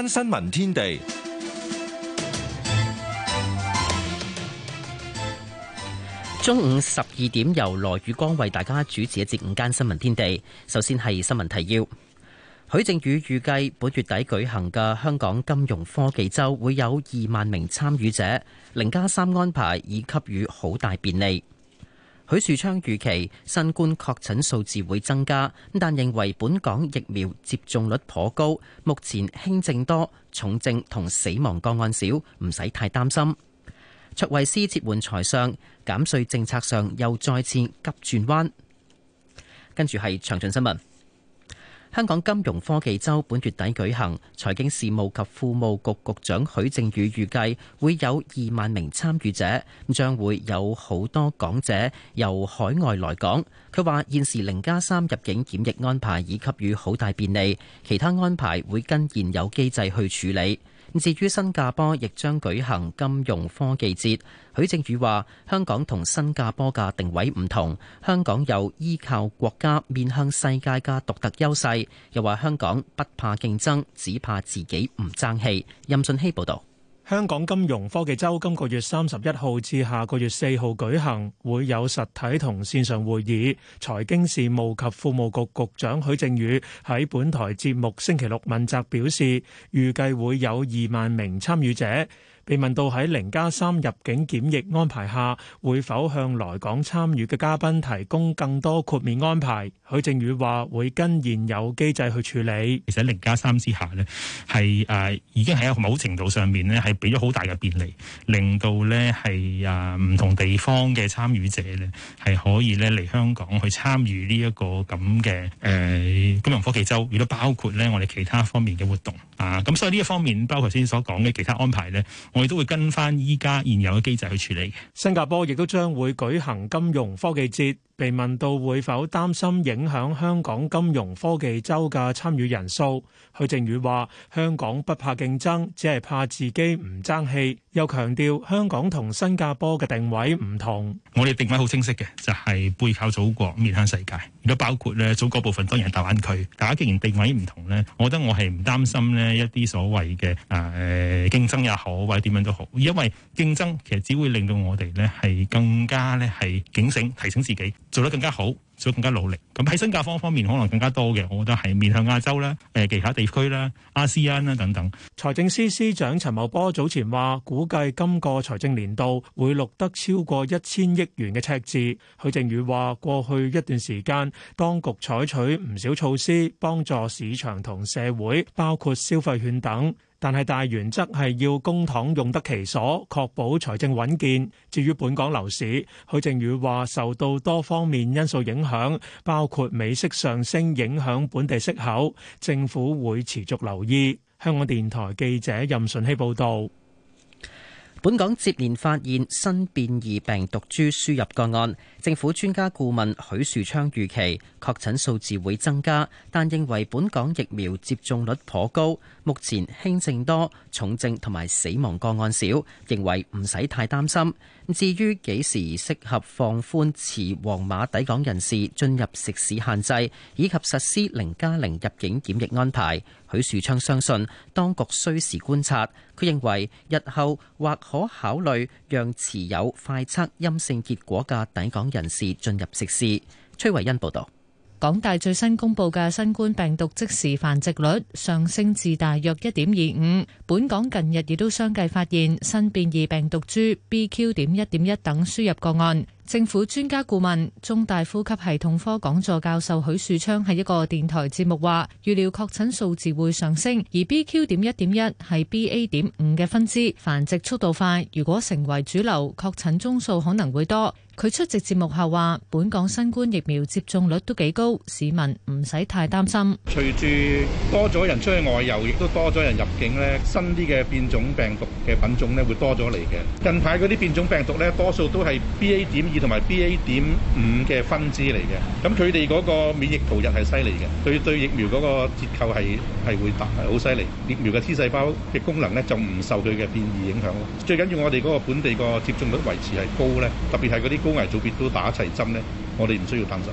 間新聞天地，中午十二點由羅宇光為大家主持一節五間新聞天地。首先係新聞提要，許正宇預計本月底舉行嘅香港金融科技周會有二萬名參與者，零加三安排已給予好大便利。許樹昌預期新冠確診數字會增加，但認為本港疫苗接種率頗高，目前輕症多，重症同死亡個案少，唔使太擔心。卓慧斯接換財相減稅政策上又再次急轉彎，跟住係詳盡新聞。香港金融科技周本月底舉行，財經事務及庫務局局，局長許正宇預計會有二萬名參與者，將會有好多港者由海外來港。佢話現時零加三入境檢疫安排已給予好大便利，其他安排會跟現有機制去處理。至於新加坡亦將舉行金融科技節，許正宇話：香港同新加坡嘅定位唔同，香港有依靠國家面向世界嘅獨特優勢。又話香港不怕競爭，只怕自己唔爭氣。任俊熙報導。香港金融科技周今個月三十一號至下個月四號舉行，會有實體同線上會議。財經事務及庫務局局長許正宇喺本台節目星期六問責表示，預計會有二萬名參與者。被問到喺零加三入境檢疫安排下，會否向來港參與嘅嘉賓提供更多豁免安排？許正宇話：會跟現有機制去處理。其實零加三之下呢，係誒、啊、已經喺某程度上面咧，係俾咗好大嘅便利，令到呢係誒唔同地方嘅參與者呢，係可以呢嚟香港去參與呢一個咁嘅誒金融科技周。亦都包括呢我哋其他方面嘅活動啊。咁所以呢一方面，包括頭先所講嘅其他安排呢。我哋都會跟翻依家現有嘅機制去處理。新加坡亦都將會舉行金融科技節。被問到會否擔心影響香港金融科技周嘅參與人數，許正宇話：香港不怕競爭，只係怕自己唔爭氣。又強調香港同新加坡嘅定位唔同。我哋定位好清晰嘅，就係背靠祖國，面向世界。如果包括咧，祖國部分當然係大灣區。大家既然定位唔同呢，我覺得我係唔擔心呢一啲所謂嘅誒競爭也好，或者。點樣都好，因為競爭其實只會令到我哋咧係更加咧係警醒，提醒自己做得更加好，做得更加努力。咁喺新加坡方面可能更加多嘅，我覺得係面向亞洲啦、誒其他地區啦、亞細安啦等等。財政司司，司長陳茂波早前話，估計今個財政年度會錄得超過一千億元嘅赤字。許正宇話，過去一段時間當局採取唔少措施，幫助市場同社會，包括消費券等。但係大原則係要公帑用得其所，確保財政穩健。至於本港樓市，許正宇話受到多方面因素影響，包括美息上升影響本地息口，政府會持續留意。香港電台記者任順希報導。本港接連發現新變異病毒株輸入個案，政府專家顧問許樹昌預期確診數字會增加，但認為本港疫苗接種率頗高，目前輕症多，重症同埋死亡個案少，認為唔使太擔心。至於幾時適合放寬持黃碼抵港人士進入食肆限制，以及實施零加零入境檢疫安排，許樹昌相信當局需時觀察。佢認為日後或可考慮讓持有快測陰性結果嘅抵港人士進入食肆。崔慧恩報導。港大最新公布嘅新冠病毒即時繁殖率上升至大約一點二五。本港近日亦都相繼發現新變異病毒株 BQ 點一點一等輸入個案。政府專家顧問、中大呼吸系統科講座教授許樹昌喺一個電台節目話：預料確診數字會上升，而 BQ. 點一點一係 BA. 點五嘅分支，繁殖速度快，如果成為主流，確診宗數可能會多。佢出席節目後話：本港新冠疫苗接種率都幾高，市民唔使太擔心。隨住多咗人出去外遊，亦都多咗人入境咧，新啲嘅變種病毒嘅品種咧會多咗嚟嘅。近排嗰啲變種病毒咧，多數都係 BA. 點二，同埋 BA. 點五嘅分支嚟嘅，咁佢哋嗰個免疫逃逸係犀利嘅，對對疫苗嗰個折扣係係會大，係好犀利。疫苗嘅 T 細胞嘅功能咧就唔受佢嘅變異影響咯。最緊要我哋嗰個本地個接種率維持係高咧，特別係嗰啲高危組別都打齊針咧，我哋唔需要擔心。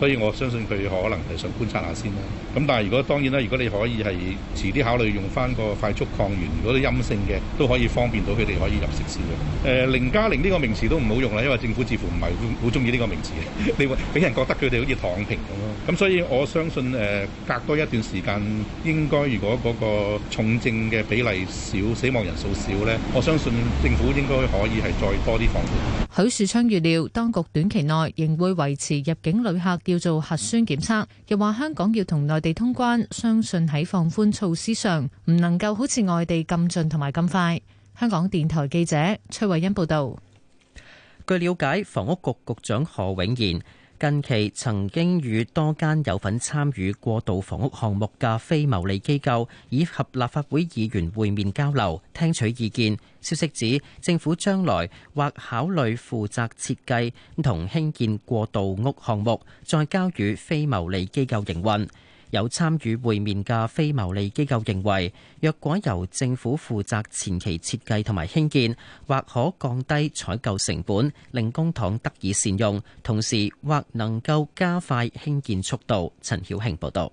所以我相信佢可能係想觀察下先啦。咁但係如果當然啦，如果你可以係遲啲考慮用翻個快速抗原，如果啲陰性嘅都可以方便到佢哋可以入食肆嘅。誒、呃，零加零呢個名詞都唔好用啦，因為政府似乎唔係好中意呢個名詞嘅，你會俾人覺得佢哋好似躺平咁咯。咁所以我相信誒、呃、隔多一段時間應該如果嗰個重症嘅比例少、死亡人數少咧，我相信政府應該可以係再多啲放寬。許樹昌預料，當局短期內仍會維持入境旅客，要做核酸檢測，又話香港要同內地通關，相信喺放寬措施上唔能夠好似外地咁盡同埋咁快。香港電台記者崔慧欣報道。據了解，房屋局局長何永賢。近期曾經與多間有份參與過渡房屋項目嘅非牟利機構以及立法會議員會面交流，聽取意見。消息指，政府將來或考慮負責設計同興建過渡屋項目，再交予非牟利機構營運。有參與會面嘅非牟利機構認為，若果由政府負責前期設計同埋興建，或可降低採購成本，令公帑得以善用，同時或能夠加快興建速度。陳曉慶報導。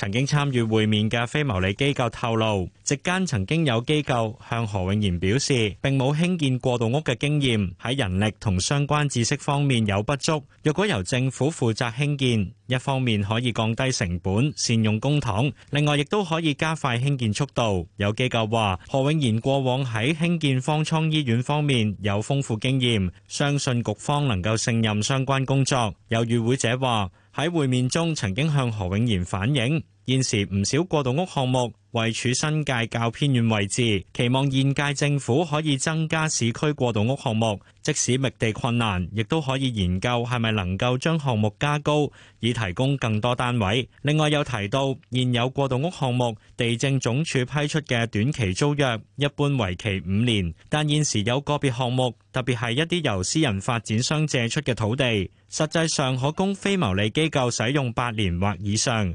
曾經參與會面嘅非牟利機構透露，席間曾經有機構向何永賢表示，並冇興建過渡屋嘅經驗，喺人力同相關知識方面有不足。若果由政府負責興建，一方面可以降低成本，善用公帑；另外亦都可以加快興建速度。有機構話，何永賢過往喺興建方艙醫院方面有豐富經驗，相信局方能夠勝任相關工作。有與會者話。喺會面中曾經向何永賢反映。現時唔少過渡屋項目位處新界較偏遠位置，期望現屆政府可以增加市區過渡屋項目，即使覓地困難，亦都可以研究係咪能夠將項目加高，以提供更多單位。另外又提到現有過渡屋項目地政總署批出嘅短期租約，一般為期五年，但現時有個別項目，特別係一啲由私人發展商借出嘅土地，實際上可供非牟利機構使用八年或以上。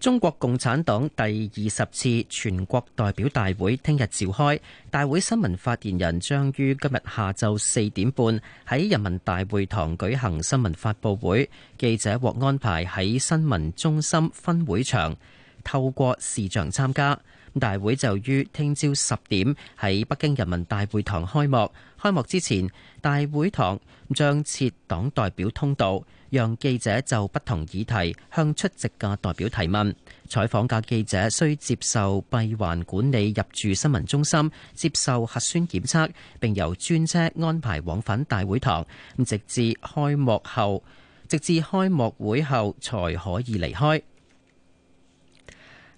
中國共產黨第二十次全國代表大會聽日召開，大會新聞發言人將於今日下晝四點半喺人民大會堂舉行新聞發布會，記者獲安排喺新聞中心分會場透過視像參加。大會就於聽朝十點喺北京人民大會堂開幕。開幕之前，大會堂將設黨代表通道。讓記者就不同議題向出席嘅代表提問。採訪嘅記者需接受閉環管理，入住新聞中心，接受核酸檢測，並由專車安排往返大會堂。直至開幕後，直至開幕會後，才可以離開。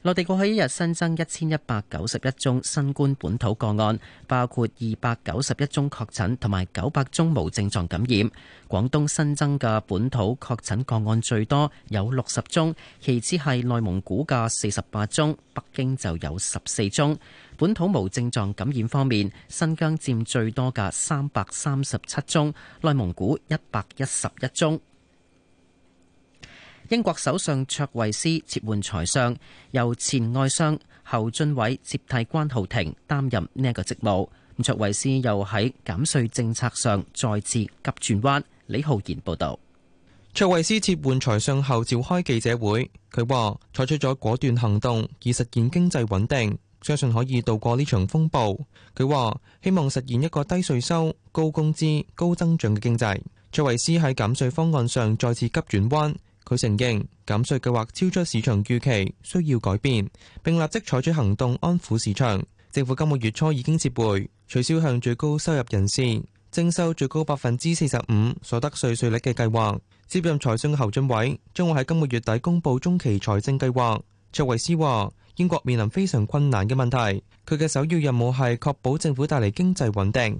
內地過去一日新增一千一百九十一宗新冠本土個案，包括二百九十一宗確診同埋九百宗無症狀感染。廣東新增嘅本土確診個案最多，有六十宗，其次係內蒙古嘅四十八宗，北京就有十四宗。本土無症狀感染方面，新疆佔最多嘅三百三十七宗，內蒙古一百一十一宗。英國首相卓慧思撤換財相，由前外相侯俊偉接替關浩庭擔任呢一個職務。咁卓慧思又喺減稅政策上再次急轉彎。李浩然報道，卓慧思撤換財相後召開記者會，佢話採取咗果斷行動，以實現經濟穩定，相信可以渡過呢場風暴。佢話希望實現一個低稅收、高工資、高增長嘅經濟。卓慧思喺減稅方案上再次急轉彎。佢承認減稅計劃超出市場預期，需要改變，並立即採取行動安撫市場。政府今個月初已經撤回取消向最高收入人士徵收最高百分之四十五所得稅稅率嘅計劃。接任財政嘅侯俊偉將會喺今個月底公布中期財政計劃。卓維斯話：英國面臨非常困難嘅問題，佢嘅首要任務係確保政府帶嚟經濟穩定。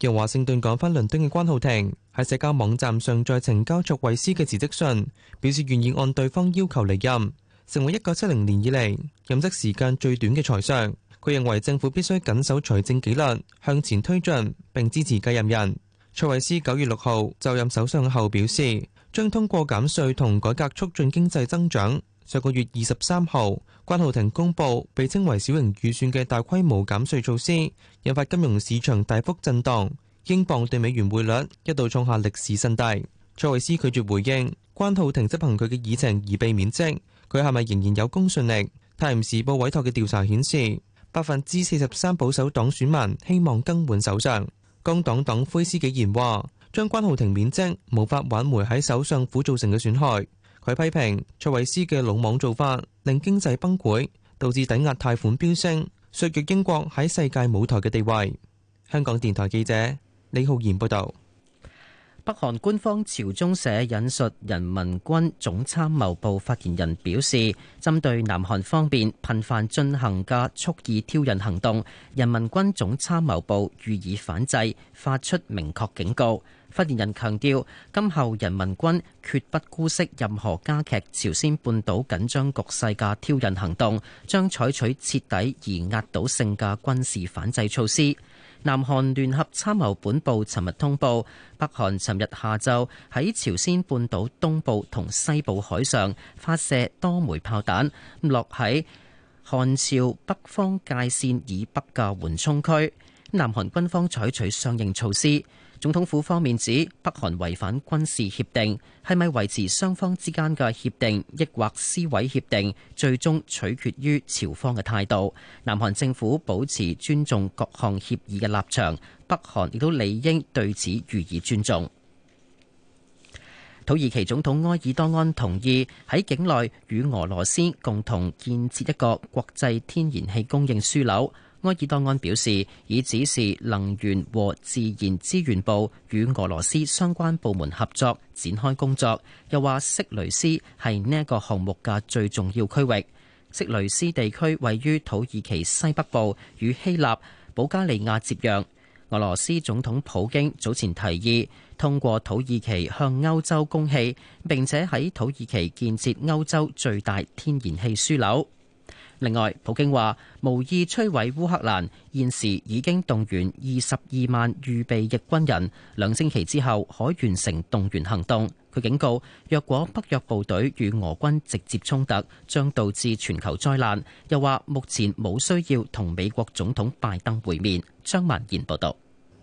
由華盛頓趕返倫敦嘅關浩庭喺社交網站上再呈交卓慧思嘅辭職信，表示願意按對方要求離任，成為一九七零年以嚟任職時間最短嘅財相。佢認為政府必須緊守財政紀律，向前推進，並支持繼任人。卓慧思九月六號就任首相後，表示將通過減稅同改革促進經濟增長。上個月二十三號，關浩庭公布被稱為小型預算嘅大規模減稅措施，引發金融市場大幅震盪，英鎊對美元匯率一度創下歷史新低。蔡維斯拒絕回應，關浩庭執行佢嘅議程而被免職，佢係咪仍然有公信力？泰晤士報委託嘅調查顯示，百分之四十三保守黨選民希望更換首相。工黨黨魁施紀賢話：將關浩庭免職，無法挽回喺首相府造成嘅損害。佢批評卓維斯嘅魯莽做法，令經濟崩潰，導致抵押貸款飆升，削弱英國喺世界舞台嘅地位。香港電台記者李浩然報導。北韓官方朝中社引述人民軍總參謀部發言人表示，針對南韓方面頻繁進行嘅蓄意挑釁行動，人民軍總參謀部予以反制，發出明確警告。發言人強調，今後人民軍決不姑息任何加劇朝鮮半島緊張局勢嘅挑釁行動，將採取徹底而壓倒性嘅軍事反制措施。南韓聯合參謀本部尋日通報，北韓尋日下晝喺朝鮮半島東部同西部海上發射多枚炮彈，落喺韓朝北方界線以北嘅緩衝區。南韓軍方採取相應措施。總統府方面指，北韓違反軍事協定，係咪維持雙方之間嘅協定，抑或撕毀協定，最終取決於朝方嘅態度。南韓政府保持尊重各項協議嘅立場，北韓亦都理應對此予以尊重。土耳其總統埃爾多安同意喺境內與俄羅斯共同建設一個國際天然氣供應樞紐。埃爾多安表示，已指示能源和自然資源部與俄羅斯相關部門合作展開工作。又話，色雷斯係呢一個項目嘅最重要區域。色雷斯地區位於土耳其西北部，與希臘、保加利亞接壤。俄羅斯總統普京早前提議，通過土耳其向歐洲供氣，並且喺土耳其建設歐洲最大天然氣樞紐。另外，普京話無意摧毀烏克蘭，現時已經動員二十二萬預備役軍人，兩星期之後可完成動員行動。佢警告，若果北約部隊與俄軍直接衝突，將導致全球災難。又話目前冇需要同美國總統拜登會面。張曼賢報道。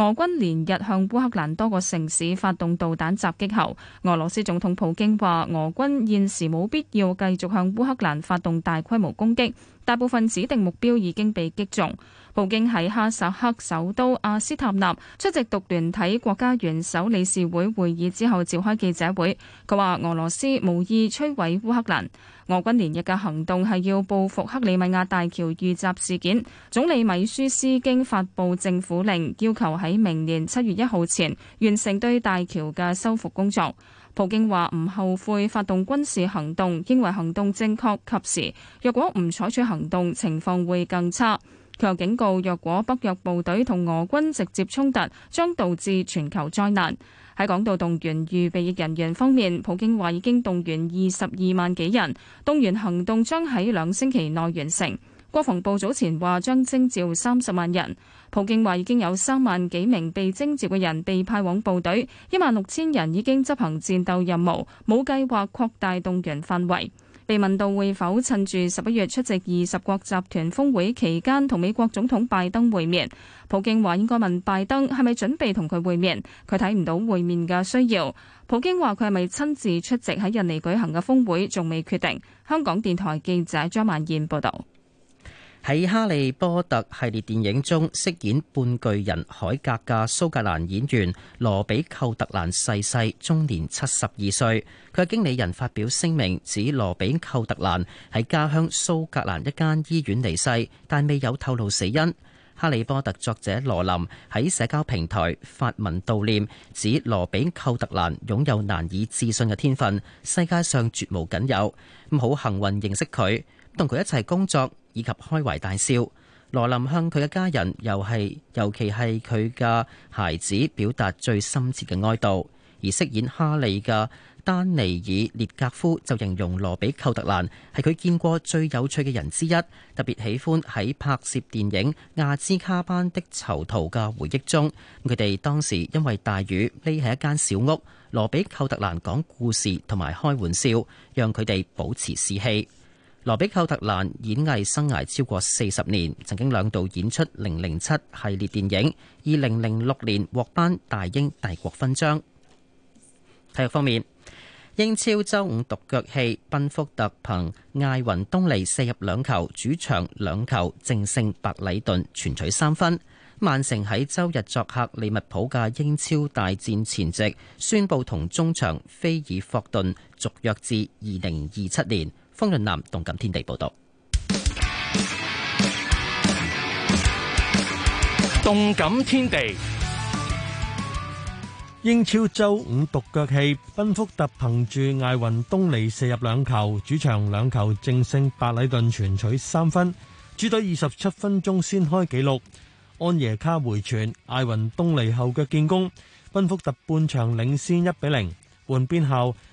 俄軍連日向烏克蘭多個城市發動導彈襲擊後，俄羅斯總統普京話：俄軍現時冇必要繼續向烏克蘭發動大規模攻擊，大部分指定目標已經被擊中。普京喺哈薩克首都阿斯塔納出席獨聯體國家元首理事會會議之後，召開記者會。佢話：俄羅斯無意摧毀烏克蘭，俄軍連日嘅行動係要報復克里米亞大橋遇襲事件。總理米舒斯京發布政府令，要求喺明年七月一號前完成對大橋嘅修復工作。普京話唔後悔發動軍事行動，因為行動正確及時。若果唔採取行動，情況會更差。佢又警告，若果北約部隊同俄軍直接衝突，將導致全球災難。喺港度動員預備役人員方面，普京話已經動員二十二萬幾人，動員行動將喺兩星期內完成。國防部早前話將徵召三十萬人，普京話已經有三萬幾名被徵召嘅人被派往部隊，一萬六千人已經執行戰鬥任務，冇計劃擴大動員範圍。被問到會否趁住十一月出席二十國集團峰會期間同美國總統拜登會面，普京話應該問拜登係咪準備同佢會面，佢睇唔到會面嘅需要。普京話佢係咪親自出席喺印尼舉行嘅峰會仲未決定。香港電台記者張曼燕報導。喺《哈利波特》系列電影中飾演半巨人海格嘅蘇格蘭演員羅比寇特蘭逝世，終年七十二歲。佢嘅經理人發表聲明指，羅比寇特蘭喺家鄉蘇格蘭一間醫院離世，但未有透露死因。《哈利波特》作者羅琳喺社交平台發文悼念，指羅比寇特蘭擁有難以置信嘅天分，世界上絕無僅有。咁好幸運認識佢，同佢一齊工作，以及開懷大笑，羅琳向佢嘅家人，又係尤其係佢嘅孩子，表達最深切嘅哀悼。而飾演哈利嘅丹尼爾列格夫就形容羅比寇特蘭係佢見過最有趣嘅人之一，特別喜歡喺拍攝電影《亞茲卡班的囚徒》嘅回憶中，佢哋當時因為大雨匿喺一間小屋，羅比寇特蘭講故事同埋開玩笑，讓佢哋保持士氣。羅比寇特蘭演藝生涯超過四十年，曾經兩度演出《零零七》系列電影。二零零六年獲頒大英帝國勳章。體育方面，英超周五獨腳戲，賓福特憑艾雲東尼射入兩球，主場兩球淨勝白禮頓，全取三分。曼城喺周日作客利物浦嘅英超大戰前夕，宣佈同中場菲爾霍頓續約至二零二七年。方潤南動感天地報道。動感天地，英超周五獨腳戲，賓福特憑住艾雲東尼射入兩球，主場兩球淨勝白禮頓全取三分。主隊二十七分鐘先開紀錄，安耶卡回傳艾雲東尼後腳建功，賓福特半場領先一比零，換邊後。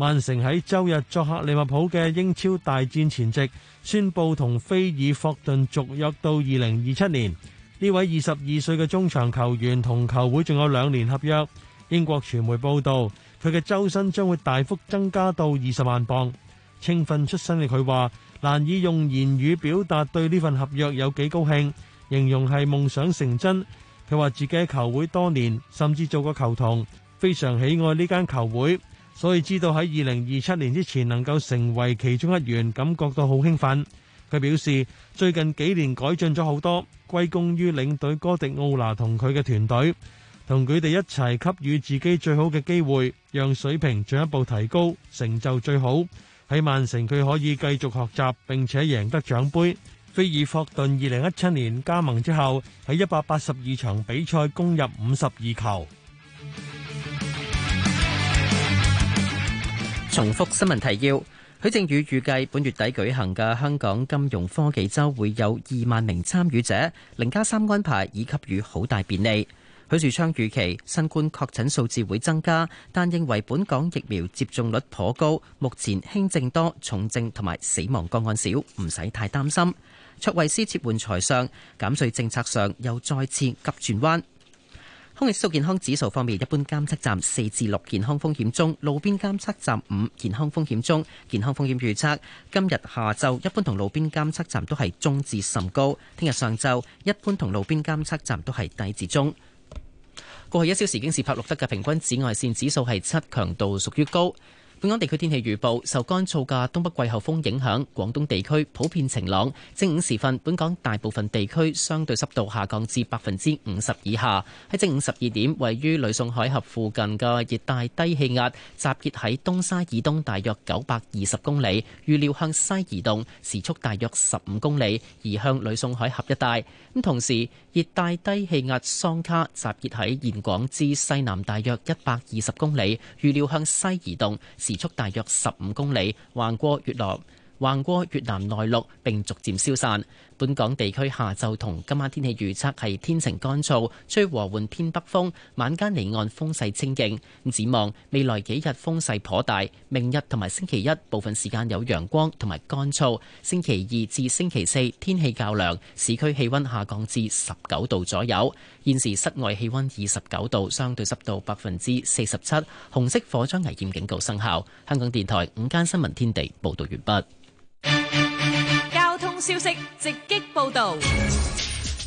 曼城喺周日作客利物浦嘅英超大戰前夕，宣布同菲爾霍頓續約到二零二七年。呢位二十二歲嘅中場球員同球會仲有兩年合約。英國傳媒報道，佢嘅周薪將會大幅增加到二十萬磅。青訓出身嘅佢話，難以用言語表達對呢份合約有幾高興，形容係夢想成真。佢話自己喺球會多年，甚至做過球童，非常喜愛呢間球會。所以知道喺二零二七年之前能夠成為其中一員，感覺到好興奮。佢表示最近幾年改進咗好多，歸功於領隊哥迪奧拿同佢嘅團隊，同佢哋一齊給予自己最好嘅機會，讓水平進一步提高，成就最好。喺曼城佢可以繼續學習並且贏得獎杯。菲爾霍頓二零一七年加盟之後，喺一百八十二場比賽攻入五十二球。重複新聞提要。許正宇預計本月底舉行嘅香港金融科技周會有二萬名參與者，零加三安排已給予好大便利。許樹昌預期新冠確診數字會增加，但認為本港疫苗接種率頗高，目前輕症多，重症同埋死亡個案少，唔使太擔心。卓慧思切換財上，減稅政策上又再次急轉彎。空氣質素健康指數方面，一般監測站四至六，健康風險中；路邊監測站五，健康風險中。健康風險預測今日下晝一般同路邊監測站都係中至甚高，聽日上晝一般同路邊監測站都係低至中。過去一小時已經攝錄得嘅平均紫外線指數係七，強度屬於高。本港地區天氣預報，受乾燥嘅東北季候風影響，廣東地區普遍晴朗。正午時分，本港大部分地區相對濕度下降至百分之五十以下。喺正午十二點，位於呂宋海峽附近嘅熱帶低氣壓集結喺東沙以東，大約九百二十公里，預料向西移動，時速大約十五公里，移向呂宋海峽一帶。咁同時，熱帶低氣壓桑卡集結喺峴港之西南大約一百二十公里，預料向西移動。移時速大約十五公里，橫過越南，橫過越南內陸，並逐漸消散。本港地區下晝同今晚天氣預測係天晴乾燥，吹和緩偏北風，晚間離岸風勢清勁，展望未來幾日風勢頗大，明日同埋星期一部分時間有陽光同埋乾燥，星期二至星期四天氣較涼，市區氣溫下降至十九度左右。現時室外氣溫二十九度，相對濕度百分之四十七，紅色火災危險警告生效。香港電台午間新聞天地報道完畢。消息直擊報道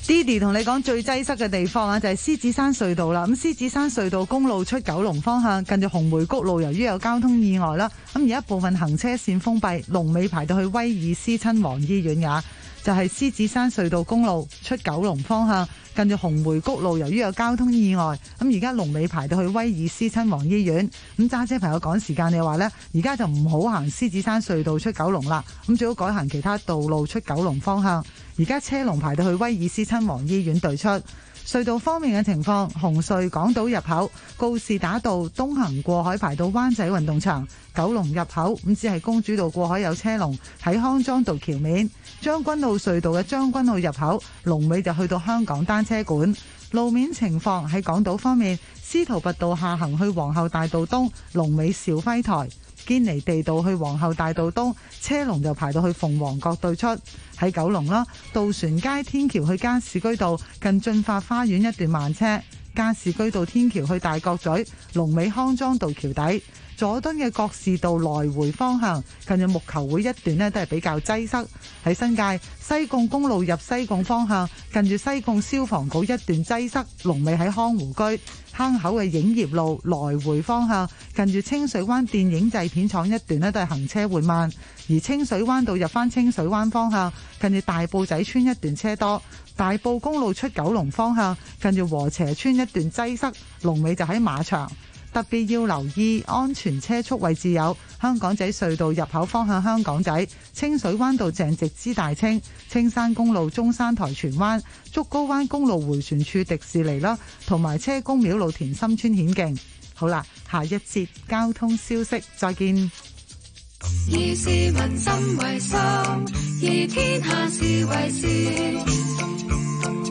，Diddy 同你講最擠塞嘅地方啊，就係獅子山隧道啦。咁獅子山隧道公路出九龍方向，近住紅梅谷路，由於有交通意外啦，咁而一部分行車線封閉，龍尾排到去威爾斯親王醫院嘅，就係獅子山隧道公路出九龍方向。近住紅梅谷路，由於有交通意外，咁而家龍尾排到去威爾斯親王醫院，咁揸車朋友趕時間嘅話呢，而家就唔好行獅子山隧道出九龍啦，咁最好改行其他道路出九龍方向。而家車龍排到去威爾斯親王醫院對出。隧道方面嘅情況，紅隧港島入口告士打道東行過海排到灣仔運動場，九龍入口咁只係公主道過海有車龍喺康莊道橋面，將軍澳隧道嘅將軍澳入口龍尾就去到香港單車館。路面情況喺港島方面，司徒拔道下行去皇后大道東龍尾肇輝臺。堅尼地道去皇后大道東車龍就排到去鳳凰角對出。喺九龍啦，渡船街天橋去加士居道近駿發花園一段慢車，加士居道天橋去大角咀龍尾康莊道橋底，佐敦嘅各士道來回方向近住木球會一段呢都係比較擠塞，喺新界西貢公路入西貢方向近住西貢消防局一段擠塞，龍尾喺康湖居。坑口嘅影業路來回方向，近住清水灣電影製片廠一段咧都係行車緩慢；而清水灣道入翻清水灣方向，近住大埔仔村一段車多；大埔公路出九龍方向，近住禾輋村一段擠塞，龍尾就喺馬場。特別要留意安全車速位置有，香港仔隧道入口方向香港仔、清水灣道鄭植之大清、青山公路中山台荃灣、竹篙灣公路回旋處迪士尼啦，同埋車公廟路田心村險徑。好啦，下一節交通消息，再見。以市民心為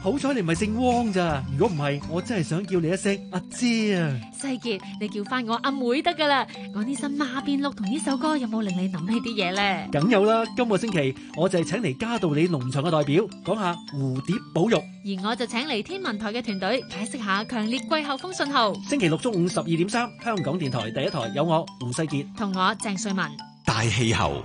好彩你唔係姓汪咋，如果唔係，我真係想叫你一聲阿姐啊！世傑，你叫翻我阿妹得噶啦！我呢身馬變綠同呢首歌有冇令你諗起啲嘢咧？梗有啦！今個星期我就係請嚟加道理農場嘅代表講下蝴蝶保育，而我就請嚟天文台嘅團隊解釋下強烈季候風信號。星期六中午十二點三，香港電台第一台有我吳世傑同我鄭瑞文大氣候。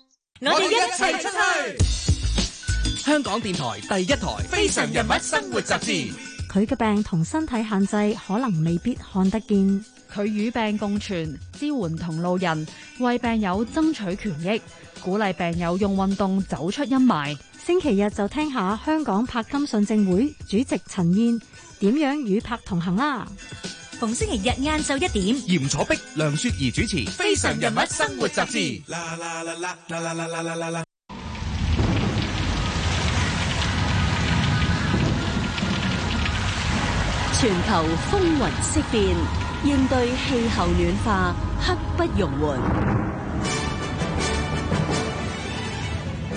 我哋一齊出去。香港電台第一台《非常人物生活雜誌》。佢嘅病同身體限制可能未必看得見，佢與病共存，支援同路人，為病友爭取權益，鼓勵病友用運動走出陰霾。星期日就聽下香港柏金遜症會主席陳燕點樣與柏同行啦。逢星期日晏晝一點，嚴楚碧、梁雪怡主持《非常人物生活雜誌》。全球風雲色變，應對氣候暖化，刻不容緩。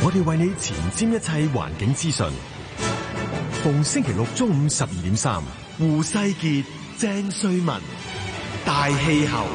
我哋為你前瞻一切環境資訊。逢星期六中午十二點三，胡世傑。鄭瑞文，大氣候。